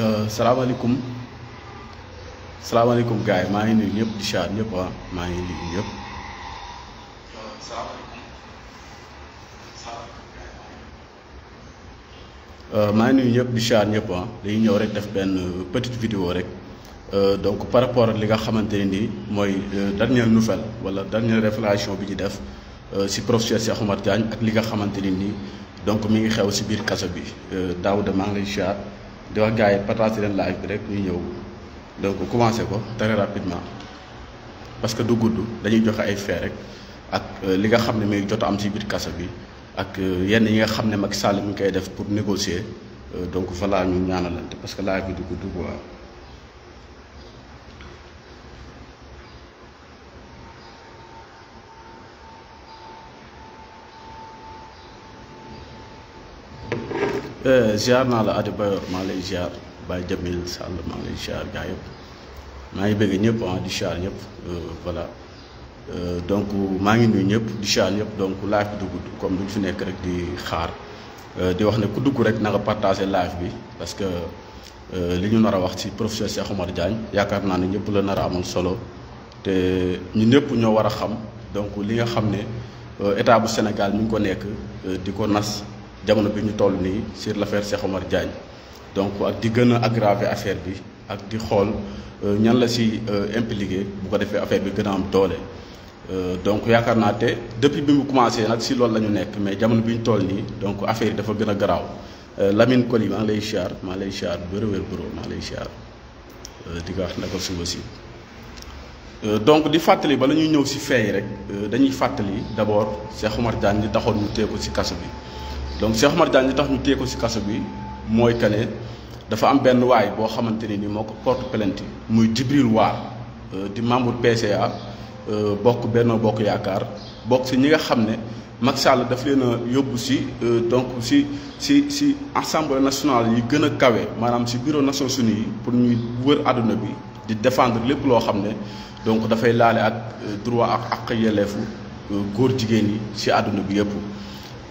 Euh, salaamaaleykum salaamaaleykum gars yi maa ngi nuyu ñëpp di char ñëpp ah maa ngi nuyu ñëpp. Euh, maa ngi ñëpp di char ñëpp ah dañuy ñëw rek def benn petite vidéo rek euh, donc par rapport ak li nga xamante ne nii mooy dernière nouvelle wala dernière révélation bi ñu def si professeur Cheikh Oumar Diagne ak li nga xamante ne nii donc mi ngi xew si biir kaso bi Daouda maa ngi lay char di wax gars yi partage leen live bi rek ñu ñëw donc commencé ko très rapidement parce que du gudd dañuy joxe ay fait rek ak euh, li nga xam ne mi ngi jot am ci biir kaso bi ak euh, yenn yi nga xam ne mag Sall mi ngi koy def pour négocier euh, donc voilà ñu ñaanalante parce que live bi du gudd quoi. Eh, ziar naa la Adi Bayor maa lay ziar Baye Jamil Sall maa ziar gaa yëpp maa ngi ah, di ziar ñëpp eh, voilà eh, donc maa ngi di ziar ñëpp donc live bi du gudd comme duñ fi nekk rek di xaar di wax ne ku dugg rek na nga live bi parce que li ñu wax ci professeur Cheikh Omar Diagne yaakaar naa la solo te ñu ñëpp ñoo war a xam donc li nga xam état bu Sénégal mi ngi ko nas jamono bi ñu toll nii sur l' affaire Cheikh Omar Diagne donc ak di gën a aggraver affaire bi ak di xool euh, ñan la si euh, impliqué bu ko defee affaire bi gën a am doole. Euh, donc yaakaar naa te depuis bi mu commencé nag si loolu la ñu nekk mais jamono bi ñu toll nii donc affaire yi dafa gën a garaaw Lamine Koli maa ngi lay siyaar maa lay siyaar bu wér a maa lay siyaar di ko wax ne ko suba si. donc di fàttali bala ñuy ñëw si yi rek dañuy fàttali d' abord Cheikh Omar Diagne ñu taxoon ñu téye ko si kaso bi. donc Cheikh Omar Diagne li tax ñu téye ko si kaso bi mooy que ne dafa am benn waay boo xamante ne ni moo ko port plainte muy Djibril Waar euh, di membre PCA euh, bokk Benno Bokk Yaakaar bokk si ñi nga xam ne Macky Sall daf leen yóbbu si euh, donc si si si assemblée nationale yi gën a kawe maanaam si bureau Nations Unies yi pour ñuy wër àdduna bi di défendre lépp loo xam ne donc dafay laale ak droit ak ak yelleefu góor jigéen yi si àdduna bi yëpp.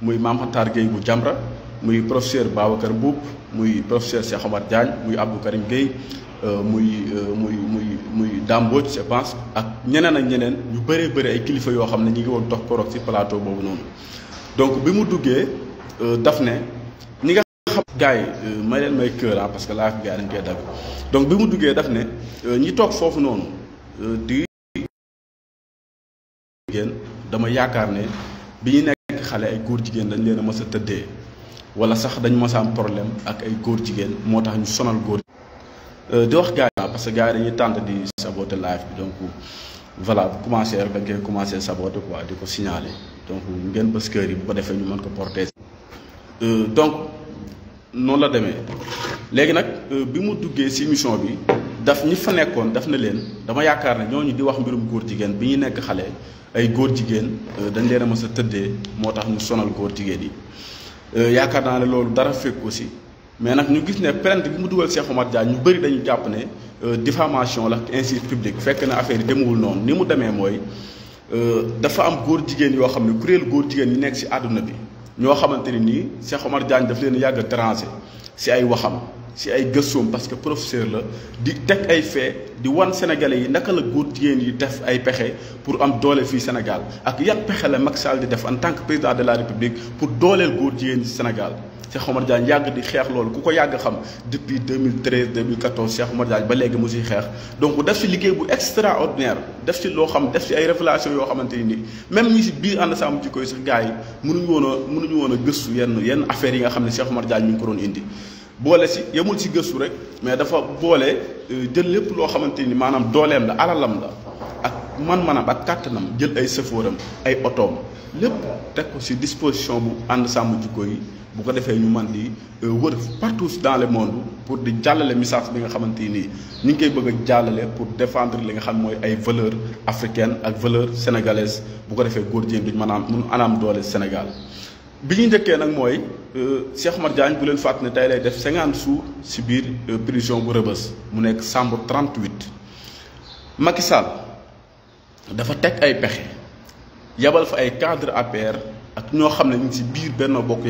muy Mame Makhtar Gueye bu Jamra muy professeur Babacar Mboup muy professeur Cheikh Omar Diagne muy Abdou Karim Gueye euh, euh, muy muy muy muy Dambodj je pense ak ñeneen ak ñeneen ñu bëree bëri ay kilifa yoo xam ne ñu ngi woon dox koroog ci plateau boobu noonu donc bi mu duggee euh, daf ne ñi nga xam gars yi may leen may kër ah, parce que laa fi gars yi dañ koy dab donc bi mu duggee daf ne ñi toog foofu noonu di dama yaakaar ne bi ñu nekk xale ay góor jigéen dañ leen a mës a tëddee wala sax dañ mës am problème ak ay góor jigéen moo tax ñu sonal góor euh, di wax gars yi parce que gars yi dañuy tànt di saboter live bi donc voilà bu commencé rek dañ koy commencé saboter quoi di ko signaler donc ngeen bës kër yi bu ko defee ñu mën ko porter euh, donc noonu la demee léegi nag euh, bi mu duggee si émission bi daf ñi fa nekkoon daf na leen dama yaakaar ne ñooñu di wax mbirum góor jigéen bi ñu nekk xale ay góor jigéen euh, dañ leen a mës a tëddee moo tax ñu sonal góor jigéen yi euh, yaakaar naa ne loolu dara fekk aussi mais nag ñu gis ne plainte bi mu dugal Cheikh Omar ñu bari dañu jàpp ne euh, diffamation la insulte publique fekk na affaire yi demewul noonu ni mu demee mooy dafa am góor jigéen yoo xam ne kuréel góor jigéen yi nekk ci àdduna bi ñoo xamante ni nii Cheikh Omar Diagne daf leen yàgg a si ay waxam ci ay gëstoom parce que professeur la di teg ay fait di wan sénégalais yi naka la góor jigéen yi def ay pexe pour am doole fii Sénégal ak yan pexe la Macky Sall di def en tant que président de la République pour dooleel góor jigéen yi Sénégal. Cheikh Omar Diagne yàgg di xeex loolu ku ko yàgg xam depuis 2013 2014 Cheikh Omar Diagne ba léegi mu siy xeex donc def si liggéey bu extraordinaire def si loo xam def si ay révélation yoo xamante ni même ñi si biir ànd saamu jikko yi sax gars yi mënuñu woon a mënuñu woon a gëstu yenn yenn affaire yi nga xam ne Cheikh Omar Diagne mi ngi ko doon indi. boole si yemul si gëstu rek mais dafa boole euh, jël lépp loo xamante ni maanaam dooleem la alalam la ak man-manam ak kàttanam jël ay sëfóoram ay otoom lépp teg ko si disposition bu ànd sàmm jikko yi bu ko defee ñu man di euh, wër partout dans le monde pour di jàllale message bi nga xamante nii ñu ngi koy bëgg a jàllale pour défendre li nga xam mooy ay valeur africaine ak valeur sénégalaise bu ko defee góor jigéen duñ maanaam mun anaam doole Sénégal bi ñu njëkkee nag mooy euh, Cheikh Omar Diagne bu leen fàttali ne tey lay def 50 jours ci bir prison bu rebeus mu nek chambre 38 Macky Sall dafa tek ay pexé yabal fa ay cadre APR ak ño xamne ñu ci bir benn bokk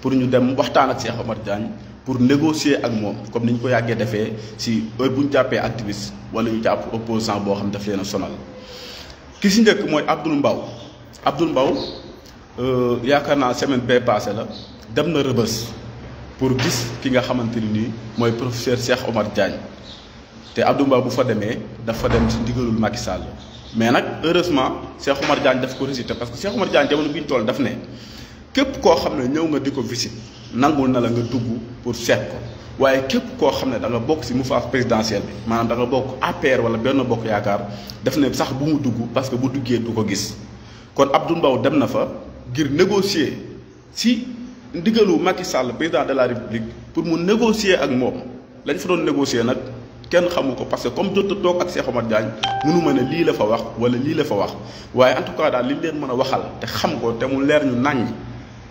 pour ñu dem waxtaan ak Cheikh Omar Diagne pour négocier ak mom comme niñ ko yagge defé si heure bu ñu activiste wala ñu japp opposant bo xam daf leena sonal ki ci njëkk moy Abdoul Mbaw Abdoul Mbaw Euh, yaakaar naa semaine bee passé la dem na rëbës pour gis ki nga xamante ni nii mooy professeur Cheikh Omar Diagne te Abdou Mbow bu fa demee dafa dem ci ndigalul Macky Sall mais nag heureusement Cheikh Omar Diagne daf ko récité parce que Cheikh Omar Diagne jamono bi ñu toll daf ne képp koo xam ne ñëw nga di ko visite nangul na la nga dugg pour seet ko waaye képp koo xam ne da nga bokk ci mouvance présidentielle bi maanaam da bokk APR wala benn bokk yaakaar daf ne sax bu mu dugg parce que bu duggee du ko gis kon Abdou Mbow dem na fa. ngir négocier si ndigalu Macky Sall président de la République pour mu négocier ak moom lañ fa doon négocier nag kenn xamu ko parce que comme jot a toog ak Cheikh Omar Diagne mënu ma ne lii la fa wax wala lii la fa wax waaye en tout cas daal liñ leen mën a waxal te xam ko te mu leer ñu nàññ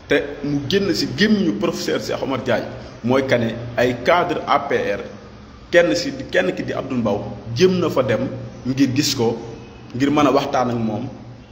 te mu génn si ñu professeur Cheikh Omar Diagne mooy kane ay cadre APR kenn si kenn ki di Abdou Mbow jëm na fa dem ngir gis ko ngir mën a waxtaan ak moom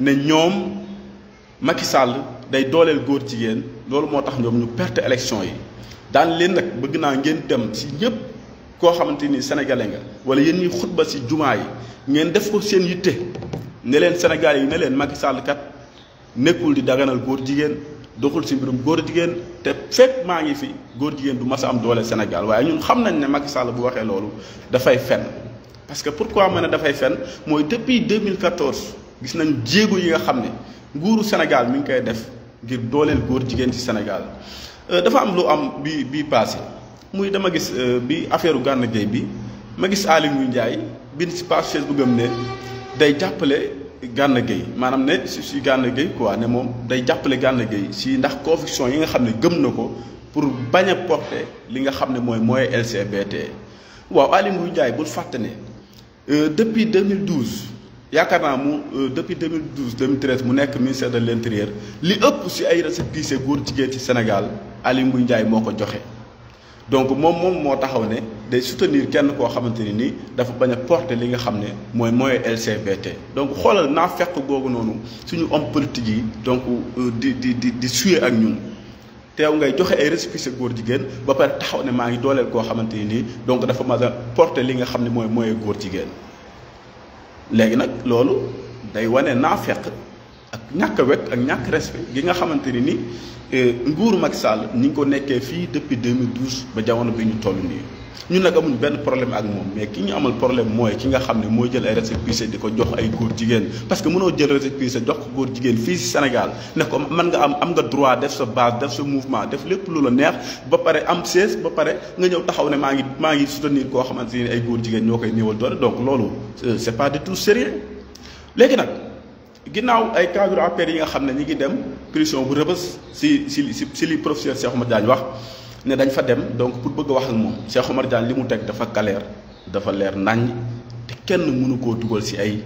ne ñoom Macky Sall day dooleel góor jigéen loolu moo tax ñoom ñu perte élection yi daan leen nag bëgg naa ngeen dem si ñëpp koo xamante ni sénégalais nga wala yéen ñuy xutba si jumaa yi ngeen def ko seen yitte ne leen senegal yi ne leen Macky Sall kat nekkul di daganal góor jigéen doxul si mbirum góor jigéen te fekk maa ngi fi góor jigéen du mas a am doole Sénégal waaye ñun xam nañ ne Macky Sall bu waxee loolu dafay fen parce que pourquoi mën ne dafay fen mooy depuis 2014. gis nañ jéego yi nga xam ne nguuru Sénégal mi ngi koy def ngir dooleel góor jigéen ci Sénégal euh, dafa am lu am bi bi passé muy dama gis euh, bi affaire Gana Gueye bi ma gis Aly Ngouille Ndiaye bind ci ne day jàppale Gana Gueye maanaam ne si si Gana Gueye quoi ne moom day jàppale Gana Gueye si ndax conviction yi nga xam ne gëm na ko pour bañ a porter li nga xam ne mooy mooy LCBT waaw Aly Ngouille Ndiaye bul fàtte ne euh, depuis 2012. yaakaar naa mu euh, depuis 2012 2013 mu nekk ministère de l' intérieur li ëpp si ay récépissé góor jigéen ci Sénégal Aly Ngouille Ndiaye moo ko joxe donc moom moom moo taxaw ne day soutenir kenn koo xamante ne ni dafa bañ a porter li nga xam ne mooy mooy LGBT. donc xoolal naa fekk googu noonu suñu homme politique donc euh, di di di di suyee ak ñun ngay joxe ay récépissé jigéen ba pare taxaw ne maa ngi dooleel koo xamante ne nii donc dafa ma porte li nga xam ne mooy mooy góor jigéen. léegi nag loolu day wane naa feq ak ñàkk wet ak ñàkk respect gi nga xamante ni ni eh, nguur Macky Sall ñi ngi ko nekkee fii depuis 2012 ba jamono bi ñu toll nii. ñun nag amuñ benn problème ak moom mais ki ñu amal problème mooy ki nga xam ne mooy jël ay récépissé di ko jox ay góor jigéen parce que mënoo jël récépissé jox ko góor jigéen fii si Sénégal ne ko man nga am am nga droit def sa base def sa mouvement def lépp lu la neex ba pare am sees ba pare nga ñëw taxaw ne maa ngi maa ngi soutenir koo xamante ne ay góor jigéen ñoo koy néewal doole donc loolu euh, c'est pas du tout sérieux léegi nag ginnaaw ay cadre APR yi nga xam ne ñi ngi dem prison bu rëbës si si si si li professeur Cheikh Oumar Diagne wax ne dañ fa dem donc pour bëgg a wax ak moom Cheikh Omar Diagne li mu teg dafa kaleer dafa leer naññ te kenn mënu koo dugal si ay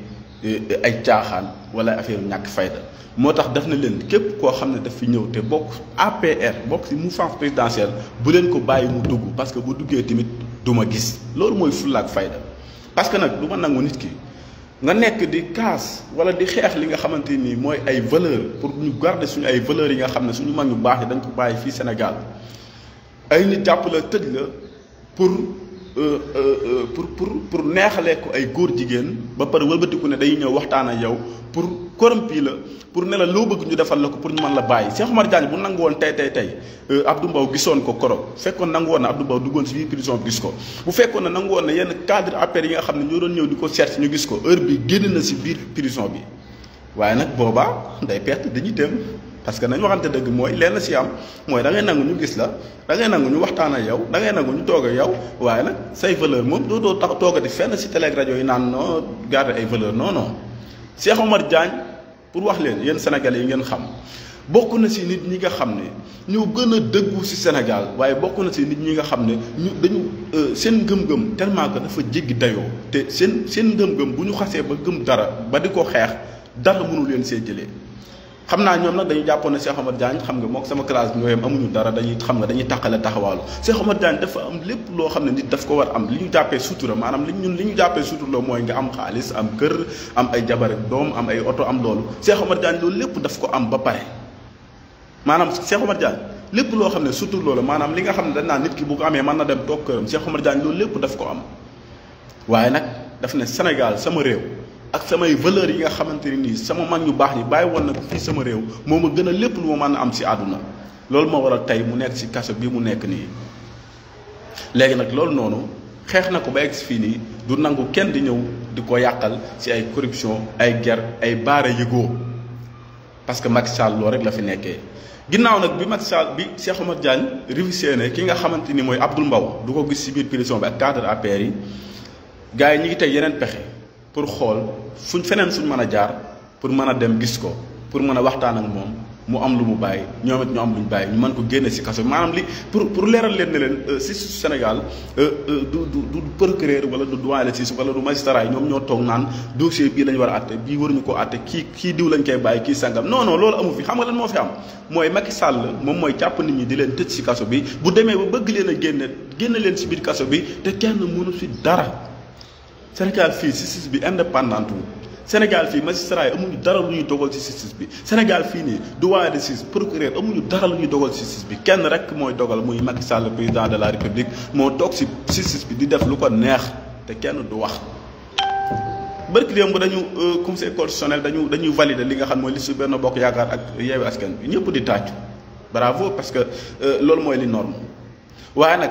eh, ay caaxaan wala affaire ñàkk fayda moo tax def na leen képp koo xam ne daf fi ñëw te bokk APR bokk si mouvance présidentielle bu leen ko bàyyi mu dugg parce que bu duggee tamit du ma gis loolu mooy fulla ak fayda parce que nag du ma nangu nit ki nga nekk di kaas wala di xeex li nga xamante nii mooy ay valeur pour ñu garder suñu ay valeurs yi nga xam ne suñu mag ñu baax dañ ko bàyyi fii Sénégal ay nit jàpp la tëj la pour euh, euh, euh, pour pour pour neexalee ko ay góor jigéen ba pare wëlbatiku ne day ñëw waxtaan a yow pour corrompi la pour ne la loo bëgg ñu defal la ko pour ñu mën la bàyyi Cheikh Omar Diagne bu nangu woon tey tey tey Abdou Mbow gisoon ko korog fekkoon nangu woon na Abdou Mbow duggoon si biir prison gis ko bu fekkoon ne nangu woon na yenn cadre affaire yi nga xam ne ñoo doon ñëw di ko seet ñu gis ko heure bi génn na si biir prison bi waaye nag boobaa day dañuy dem. parce que nañ waxante dëgg mooy lenn si am mooy da nangu ñu gis la da ngay nangu ñu waxtaan a yow da ngay nangu ñu toog ak yow waaye nag say valeur moom doo doo tax toogati fenn si télé yi naan noo garder ay valeur non non Cheikh Omar pour wax leen yéen Sénégalais yi ngeen xam bokk na si nit ñi nga xam ne ñu gën a dëggu si Sénégal waaye bokk na si nit ñi nga xam ne dañu euh, seen ngëm-ngëm tellement que dafa jéggi dayoo te seen seen ngëm-ngëm bu ñu xasee ba gëm dara ba di ko xeex dara mënu leen see jëlee. xam naa ñoom nag dañu jàppoon ne Cheikh Omar Diagne xam nga mook sama classe bi ñoo amuñu dara dañuy xam nga dañuy taqale taxawaalu Cheikh Omar Diagne dafa am lépp loo xam ne nit daf ko war am li ñu jàppee sutura maanaam li ñun li ñu jàppee sutura mooy nga am xaalis am kër am ay jabar doom am ay oto am loolu Cheikh Omar Diagne lépp daf ko am ba pare maanaam Cheikh Omar Diagne lépp loo xam ne sutur loola maanaam li nga xam ne dañ naan nit ki bu ko amee man na dem toog këram Cheikh Omar loolu lépp daf ko am waaye nag daf ne Sénégal sama réew ak samay valeurs yi nga xamante nii sama mag ñu baax ñi bàyyi woon nag ko fii sama réew moo ma gën a lépp lu ma mën a am si àdduna loolu moo waral tey mu nekk si kaso bi mu nekk nii léegi nag loolu noonu xeex na ko ba egg fii nii du nangu kenn di ñëw di ko yàqal si ay corruption ay guerre ay baara yëgoo parce que Macky Sall loolu rek la fi nekkee ginnaaw nag bi mag Sall bi Cheikh Omar Diagne révisé ne ki nga xamante ni mooy Abdoul Mbaw du ko gis si biir prison bi ak cadre APR yi gars yi ñu ngi tey yeneen pexe. pour xool fuñ feneen fuñ mën a jaar pour mën a dem gis ko pour mën a waxtaan ak moom mu am lu mu bàyyi ñoom it ñu am lu ñu bàyyi ñu mën ko génne si kaso maanaam li pour pour leeral leen ne leen si euh, Sénégal euh, euh, du du du procureur wala du doyen la siis wala du magistrat yi ñoom ñoo toog naan dossier bii lañ war a àtte bii waruñu ko àtte kii kii diw lañ koy bàyyi ki sangam noonoo loolu amu fi xam nga lan moo fi am mooy Macky Sall moom mooy jàpp nit ñi di leen tëj si kaso bi bu demee ba bëgg leen a génne génne leen si biir kaso bi te kenn mënu si dara. Sénégal fi justice bi indépendante wu Sénégal fii magistrat amuñu dara lu ñuy dogal ci justice bi Sénégal fi ni droit de justice procureur amuñu dara lu ñuy dogal ci justice bi kenn rek moy dogal muy Macky Sall président de la république mo tok ci justice bi di def lu ko neex té kenn du wax. barki démb dañu euh, conseil constitutionnel dañu dañuy valider li nga xam moy liste benn bokk yaakaar ak yeewi askan bi ñepp di tàccu bravo parce que euh, lool moy li norme waaye nak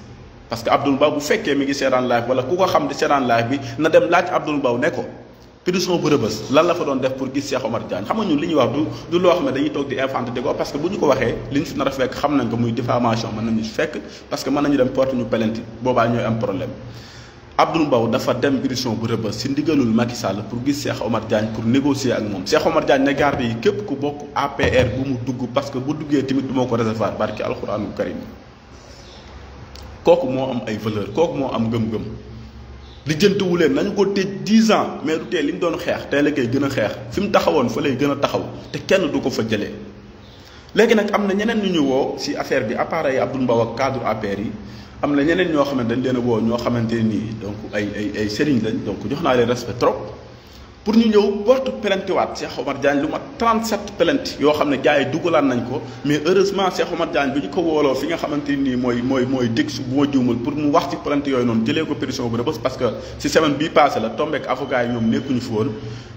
parce que Abdoul Baou fekke mi ngi seetaan live wala ku ko xam di seetaan live bi na dem laaj Abdoul Baou ne ko prison bu Rebeuss lan la fa doon def pour gis Cheikh Omar Diagne xam nga ñun wax du du loo xam dañuy tok di infanté di ko parce que buñu ko waxé li ñu fi nar fekk xam nañ ko muy diffamation man nañu fekk parce que man nañu dem porte ñu plainte boba ñoy am problème Abdoul Mbaw dafa dem prison bu Rebeuss si ndigalul Macky Sall pour gis Cheikh Omar Diagne pour négocier ak mom Cheikh Omar Diagne ne garde yi képp ku bokk APR bu mu dugg parce que bu duggé timit du ma ko recevoir barki alxuraanul karim kooku moo am ay valeur kooku am gëm-gëm li jëntuwu leen nañu ko tëj 10 ans mais du tee li mu doon xeex tey la koy gën a xeex fi mu taxawoon a taxaw te kenn du ko fa jëlee léegi nag am ñeneen ñu ñu si affaire bi appareil Mbaw ak cadre APR yi am ñeneen ñoo xamante dañ leen a woo ñoo xamante donc ay ay ay sëriñ lañ donc jox respect trop pour ñu ñëw porte wat Cheikh Omar Diagne lu ma 37 plainte yo xam jaay gars nañ ko mais heureusement Cheikh Omar Diagne bi ko wolo fi nga xamanteni nii moy moy mooy dëgg su bu ma juumal pour mu wax ci plainte yoy non jëlé ko pression bu Rebeuss parce que ci semaine bi passé la tombeek avocat yi ñoom nekkuñu fi woon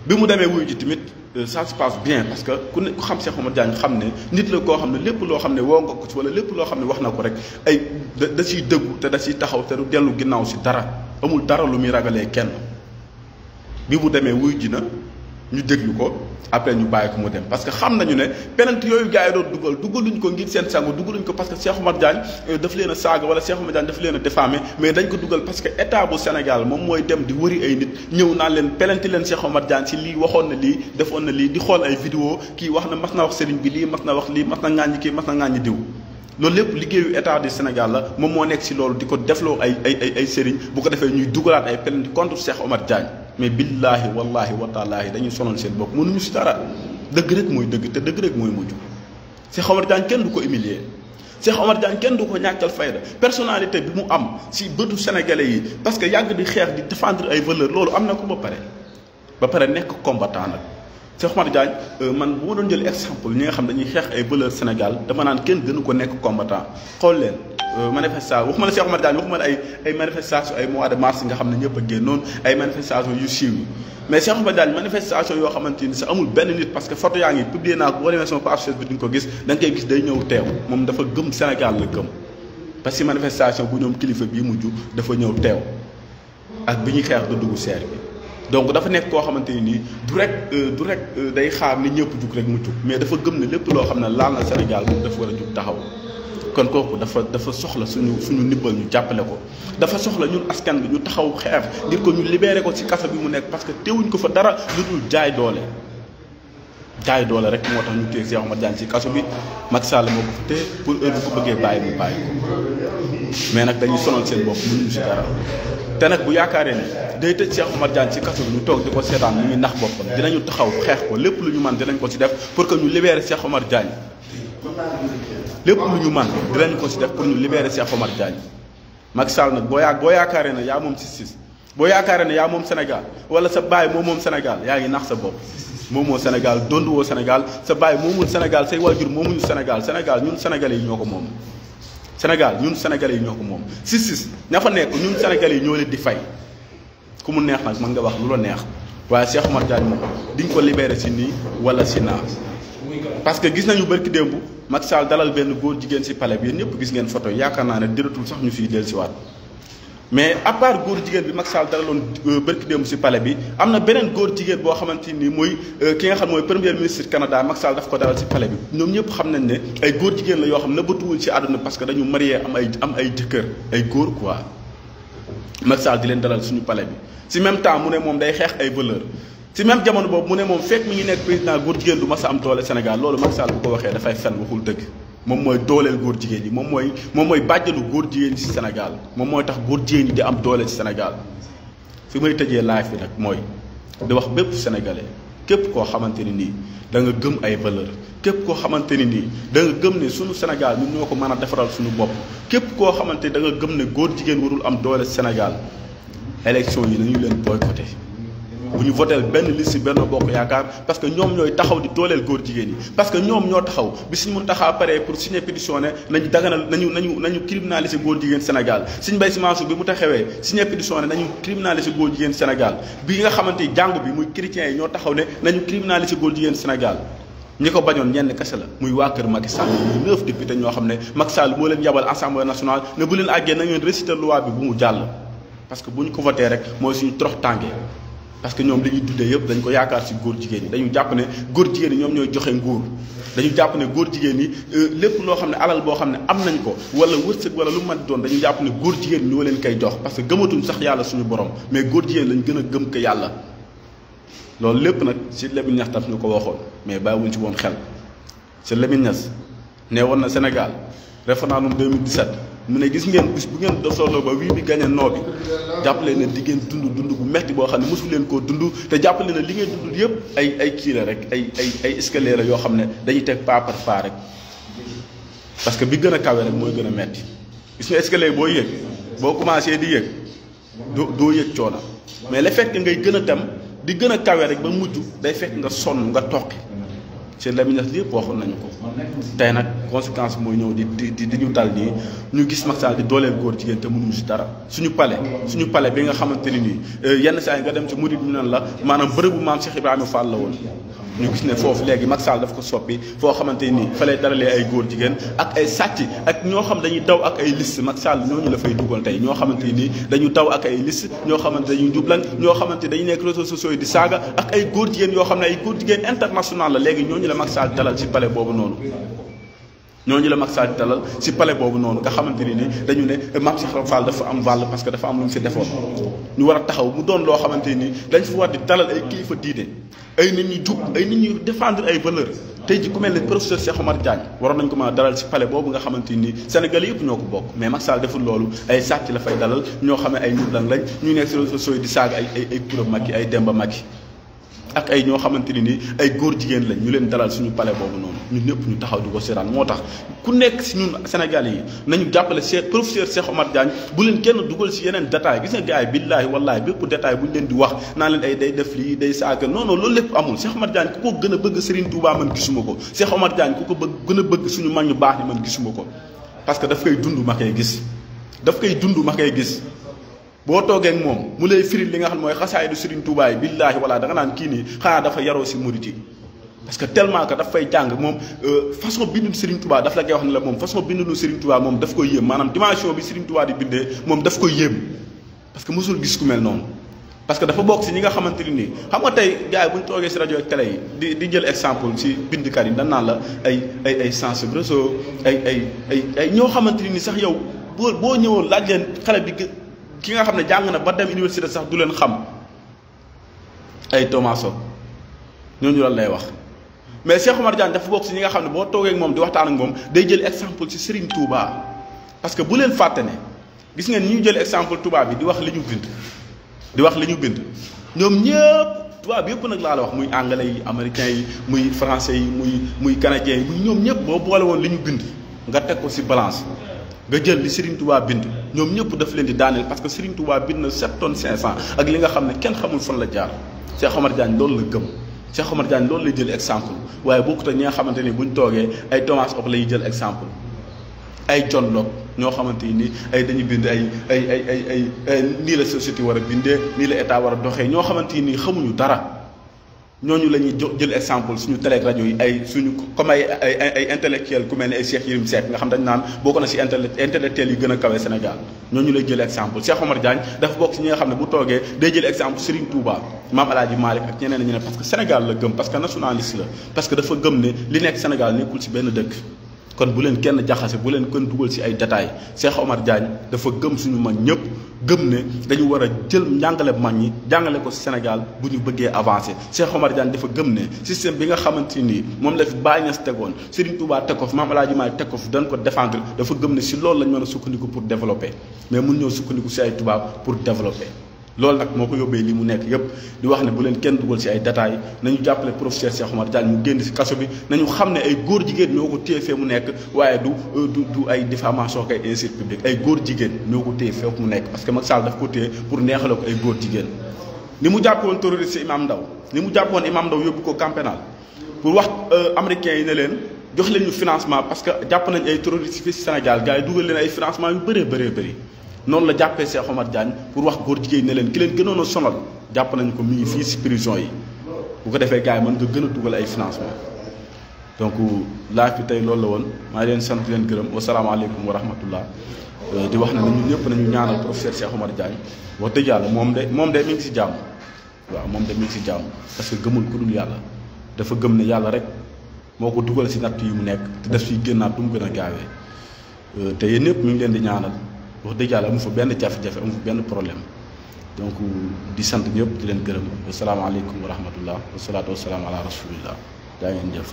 bi mu demee wuyu ji tamit euh, ça se passe bien parce que ku xam Cheikh Omar Diagne xam nit la ko xam lepp lo loo wo nga ko ci wala lepp lo xam wax na ko rek ay da ci ciy te da ci taxaw te du delu ginnaw ci dara amul dara lu mi ragalé kenn bi mu demee wuy dina na ñu déglu ko après ñu bàyyi ko mu dem parce que xam nañu né penante yoyu gaay do duggal duggaluñ ko ngir seen sangu duggaluñ ko parce que Cheikh Oumar Diagne euh, daf leena saga wala Cheikh Oumar Diagne daf leena a défamé mais dañ ko duggal parce que état bu Sénégal mom moy dem di wëri ay nit ñew na leen penante leen Cheikh Oumar Diagne ci li waxon na li defoon na li di xol ay vidéo ki wax na mas wax sëriñ bi li mas wax li mas na ki kii mas na diw loolu lépp liggéeyu état du Sénégal la moom moo nekk si loolu di ko defloo ay ay ay sëriñ bu ko defee ñuy dugalaat ay penante contre Cheikh Oumar Diagne mais billahi wallahi wataalaahi dañuy sonal seen bopp mënuñu si dara dëgg rek mooy dëgg te dëgg rek mooy mujj Cheikh Omar Diagne kenn du ko humilier Cheikh Omar Diagne kenn du ko ñàkkal fayda personnalité bi mu am si bëtu sénégalais yi parce que yàgg di xeex di défendre ay valeur loolu am ko ba pare ba pare nekk combattant nag Cheikh Omar Diagne euh, man bu ma doon jël exemple ñi nga xam dañuy xeex ay valeur Sénégal dama naan kenn gënu ko nekk combattant xool leen euh, manifestation waxuma la Cheikh Omar ay ay ay mois de mars nga xam ne ñëpp a génn noonu ay manifestation yu siiw mais Cheikh yoo xamante ni sa amul benn nit parce que photo yaa ngi publié naa ko boo demee sama bi di nga ko gis da nga koy gis day ñëw teew moom dafa gëm Sénégal la gëm parce que manifestation bu ñoom kilifa bii mujj dafa ñëw teew ak bi ñuy xeex du dugg seer bi donc dafa nekk koo xamante ni nii du rek euh, du rek euh, day xaar ni ñëpp jug rek mu jug mais dafa gëm ne lépp loo xam ne laal na Sénégal moom dafa war a jug taxaw kon kooku dafa dafa soxla suñu suñu nibbal ñu jàppale ko dafa soxla ñun askan bi ñu taxaw xeex ngir ko ñu libéré ko ci kaso bi mu nekk parce que teewuñ ko fa dara lu dul jaay doole jaay doole rek moo tax ñu téye Cheikh Oumar Diagne ci kaso bi Macky Sall moo ko fa téye pour heure bu ko bëggee bàyyi mu bàyyi ko mais nag dañuy sonal seen bopp mënuñu ci dara te nag bu yaakaaree ni day tëj Cheikh Omar Diagne ci kaso bi ñu toog di ko seetaan mu ngi nax boppam dinañu taxaw xeex ko lépp lu ñu man dinañ ko ci def pour que ñu libérer Cheikh Omar Diagne lépp lu ñu man dinañ ko ci def pour ñu libérer Cheikh Omar Diagne Macky Sall nag boo yaa boo yaakaaree ne yaa moom justice boo yaakaaree ne yaa moom Sénégal wala sa baay moo moom Sénégal yaa ngi nax sa bopp moomoo Sénégal donduwoo Sénégal sa baay moomul Sénégal say waajur moomuñu Sénégal Sénégal ñun Sénégalais yi ñoo ko moom Sénégal ñun sénégalais yi ñoo ko moom si si ña fa nekk ñun sénégalais yi ñoo leen di fay ku mu neex nag mën nga wax lu la neex waaye Cheikh Oumar Diagne moom diñ ko libéré si nii wala si naa parce que gis nañu bërki démb Macky Sall dalal benn góor jigéen si pale bi yéen gis ngeen foto yaakaar naa ne dëratul sax ñu fiy dellusiwaat mais à part góor jigéen bi Macky Sall dalaloon euh, bërki démb si pale bi am na beneen góor jigéen boo xamante ni mooy euh, ki nga xam mooy premier ministre Canada Macky Sall daf ko dalal si palais bi ñoom ñëpp xam nañ ne ay góor jigéen la yoo xam nëbbatuwuñ si àdduna parce que dañu marié am ay am ay jëkkër ay góor quoi Macky Sall di leen dalal suñu pale bi si même temps mu ne moom day xeex ay valeur si même jamono boobu mu ne moom fekk mi ngi nekk président góor jigéen du a am doole Sénégal loolu Macky Sall bu ko waxee dafay fen waxul moom moy dolel gor jigéen yi moom moy moom moy bàjjalu gor jigéen yi ci senegal moom moy tax gor jigéen yi di am dolel ci senegal fi may tëjee live bi nak moy di wax bepp senegalais képp ko xamanteni ni da nga gëm ay valeur képp ko xamanteni ni da nga gëm ne sunu senegal ñun ñoko mëna mën a defaral suñu bopp képp koo xamante da nga gëm ne gor jigéen warul am doole senegal élection yi nañu leen boycotté bu ñu votel benn liste Benno Bokk Yaakaar parce que ñoom ñooy taxaw di dooleel góor jigéen yi parce que ñoom ñoo taxaw bi suñ mun taxaa paree pour signer pétition ne nañu daganal nañu nañu nañu criminaliser góor jigéen Sénégal suñ Mbaye Sy Mansour bi mu taxawee signer pétition ne nañu criminaliser góor jigéen Sénégal bi nga xamante jàngu bi muy chrétiens yi ñoo taxaw ne nañu criminaliser góor jigéen Sénégal ñi ko bañoon ñenn kese la muy waa kër Macky Sall muy ne Macky Sall moo leen yabal assemblée nationale leen àggee na ngeen réciter loi bi bu mu ko voté rek mooy suñu trox tàngee parce que ñoom li ñuy dundee yëpp dañ ko yaakaar ci góor jigéen ñi dañu jàpp ne góor jigéen ñi ñoom ñooy joxe nguur dañu jàpp ne góor jigéen ñi euh, lépp loo xam ne alal boo xam ne am nañ ko wala wërsëg wala lu man doon dañu jàpp ne góor jigéen ñi ñoo leen koy jox parce que gëmatuñ sax yàlla suñu borom mais góor jigéen lañ gën a gëm ko yàlla loolu lépp nag ci Lamine Niass tam ñu ko waxoon mais wuñ ci woon xel si Lamine Niass nee woon na Sénégal référendum 2017 mu ne gis ngeen bis bu ngeen dosoonoo ba wii bi gañe noo bi jàppale ne di ngeen dund dund bu metti boo xam ne mosu leen koo dund te jàppale ne li ngeen dund yëpp ay ay kii la rek ay ay ay escalier la yoo xam ne dañuy teg pas par pas rek parce que bi gën a kawe rek mooy gën a metti gis nga escalier boo yëg boo commencé di yëg doo doo yëg coono mais la fekk ngay gën a tam di gën a kawe rek ba mujj day fekk nga sonn nga toqi ci Lamine Niass yëpp waxoon nañu ko tey nag conséquence mooy ñëw di di di ñu dal nii ñu gis Macky Sall di dooleel góor jigéen te mënuñu si dara suñu pale suñu pale bi nga xamante ni nii yenn saa yi nga dem ci murid bi nan la maanaam bërëbu maam si Ibrahima Fall la woon ñu gis ne foofu léegi mag Sall daf ko soppi foo xamante ni fa lay daralee ay góor jigéen ak ay sàcc ak ñoo xam dañuy daw ak ay liste Macky Sall ñooñu la fay dugal tey ñoo xamante ni dañu daw ak ay liste ñoo xamante dañuy jublan ñoo xamante dañu nekk réseaux sociaux yi di saaga ak ay góor jigéen yoo xam ne ay góor jigéen international la léegi ñoo ñu la Macky Sall dalal ci pale boobu noonu ñooñu la Macky Sall di dalal si pale boobu noonu nga xamante ni dañu ne Mame Cheikh Ibra dafa am wàll parce que dafa am lu mu fi defoon ñu war a taxaw mu doon loo xamante ni dañ fa war di dalal ay kilifa diine ay nit ñu jub ay nit ñu défendre ay valeur tey ji ku mel ne professeur Cheikh Omar Diagne waroon nañ ko mën a dalal si palais boobu nga xamante ni Sénégal yëpp ñoo ko bokk mais Macky Sall deful loolu ay sàcc la fay dalal ñoo xam ne ay njublan lañ ñu nekk si di saaga ay ay ay kuréel Macky ay Demba ak ay ñoo xamante ni nii ay góor jigéen lañ ñu leen dalal suñu pale boobu noonu ñun ñëpp ñu taxaw di ko seetaan moo tax ku nekk si ñun Sénégal yi nañu jàppale Cheikh professeur Cheikh Omar Diagne bu leen kenn dugal si yeneen détail gis nga gars yi billaahi wallaahi bépp détail bu ñu leen di wax naa leen ay day def lii day saaga non loolu lépp amul Cheikh Omar Diagne ku ko gën a bëgg Serigne Touba man gisuma ko Cheikh Omar Diagne ku ko bëgg gën a bëgg suñu mag ñu baax man gisuma ko parce que daf koy dund ma koy gis daf koy dund ma koy gis bo toge ak mom mu lay firil li nga xam mooy xasaayidu Serigne Touba yi billahi wala da nga nan kii nii xanaa dafa yaro ci mouride parce que tellement que daf fay jàng moom façon bindu Serigne Touba daf la koy wax ni la mom façon bindu Serigne Touba mom daf koy yem manam dimension bi Serigne Touba di bindé mom daf koy yem parce que musul gis ku mel non parce que dafa bok ci ñi nga xamanteni ni xam nga tay gaay buñ toge ci radio ak télé di di jël exemple ci bind karim dañ na la ay ay ay sens bresso ay ay ay ño xamanteni ni sax yow bo boo ñëwoon laaj leen xale bi ki nga xamne ne na ba dem université sax du len xam ay tomaso ñu lan lay wax mais cheikh omar diane dafa bok ci nga xamne ne toge ak mom di waxtaan ak mom day jël exemple ci serigne touba parce que bu len fàtte ne gis ngeen ñu jël exemple touba bi di wax liñu bind di wax liñu bind ñom ñepp touba bi yëpp nak la la wax muy anglais yi américain yi muy français yi muy muy canadien yi ñom ñepp bo boo boole bind nga tek ko ci balance nga jël li Serigne Touba bind ñoom ñëpp daf leen di daaneel parce que Serigne Touba bind na 7 tonnes 500 ak li nga xam ne kenn xamul fon la jaar Cheikh Omar Diagne loolu la gëm Cheikh Omar Diagne loolu lay jël exemple waaye boo ak ñi nga xamante ni buñ toogee ay Thomas Hobbes lay jël exemple ay John Locke ñoo xamante ni ay dañu bind ay ay ay ay nii la société war a bindee nii la état war a doxee ñoo xamante ni xamuñu dara. ñooñu la ñuy jël exemple suñu télé ak rajo yi ay suñu comme ay ay ay intellectuel ku mel ne ay Cheikh Yérim Seck nga xam dañ naan bokk na si intellé intellectuel yi gën a kawe Sénégal ñooñu lay jël exemple Cheikh Omar Diagne dafa bokk si ñi xam ne bu toogee day jël exemple Serigne Touba Maam El Hadj Malick ak ñeneen ñu ne parce que Sénégal la gëm parce que nationaliste la parce que dafa gëm ne li nekk Sénégal nekkul si benn dëkk. kon bu leen kenn jaxasee bu leen kenn dugal ci ay détails Cheikh Omar Diagne dafa gëm suñu mag ñëpp gëm ne dañu war a jël njàngale mag ñi jàngale ko Sénégal bu ñu bëggee avancé Cheikh Omar Diagne dafa gëm ne système bi nga xamante nii moom la fi Baye Niass tegoon Serigne Touba teg ko fi Maam El Hadji Malick teg ko fi dañ ko défendre dafa gëm ne si loolu lañ mën a sukkandiku pour développer mais mun ñëw sukkandiku si ay tubaab pour développer loolu nag moo ko yóbbee li mu nekk yépp di wax ne bu leen kenn dugal ci ay détails nañu jàppale professeur Cheikh Oumar Diagne mu génn ci kaso bi nañu xam ne ay góor jigéen ñoo ko téye fee mu nekk waaye du euh, du du ay diffamation kay insulte publique ay góor jigéen ñoo ko téye fee mu nekk parce que Macky Sall daf ko téye pour neexale ko ay góor jigéen li mu jàppoon terroriste Imam Ndaw ni mu jàppoon Imam Ndaw yóbbu ko camp pénal pour wax euh, américains yi ne leen jox leen ñu financement parce que jàpp nañ ay terroristes fii ci Sénégal gars yi dugal leen ay financement yu bëree bëree bëri noonu la jàppee Cheikh Omar Diagne pour wax góor jigéen ne leen ki leen gënoon sonal jàpp nañ ko mi ngi fii si prison yi bu ko defee gars yi mën nga gën a dugal ay financement donc laaj bi tey loolu la woon maa leen sant leen gërëm wasalaamaaleykum wa rahmatullah euh, di wax ne na ñun ñëpp nañu ñaanal professeur Cheikh Omar Diagne wax dëgg yàlla moom de moom de mi ngi si jàmm waaw moom de mi ngi si jàmm parce que gëmul ku dul yàlla dafa gëm ne yàlla rek moo ko dugal si natt yi mu nekk def siy génnaat du mu gën a gaawee euh, te yéen ñëpp mi ngi leen di ñaanal wax dëgg yàlla amu fa benn jafe-jafe amu fa benn problème donc di sant ñëpp di leen gërëm wasalaamaaleykum wa rahmatullah wasalaatu wasalaam ala rasulillah daa ngeen jëf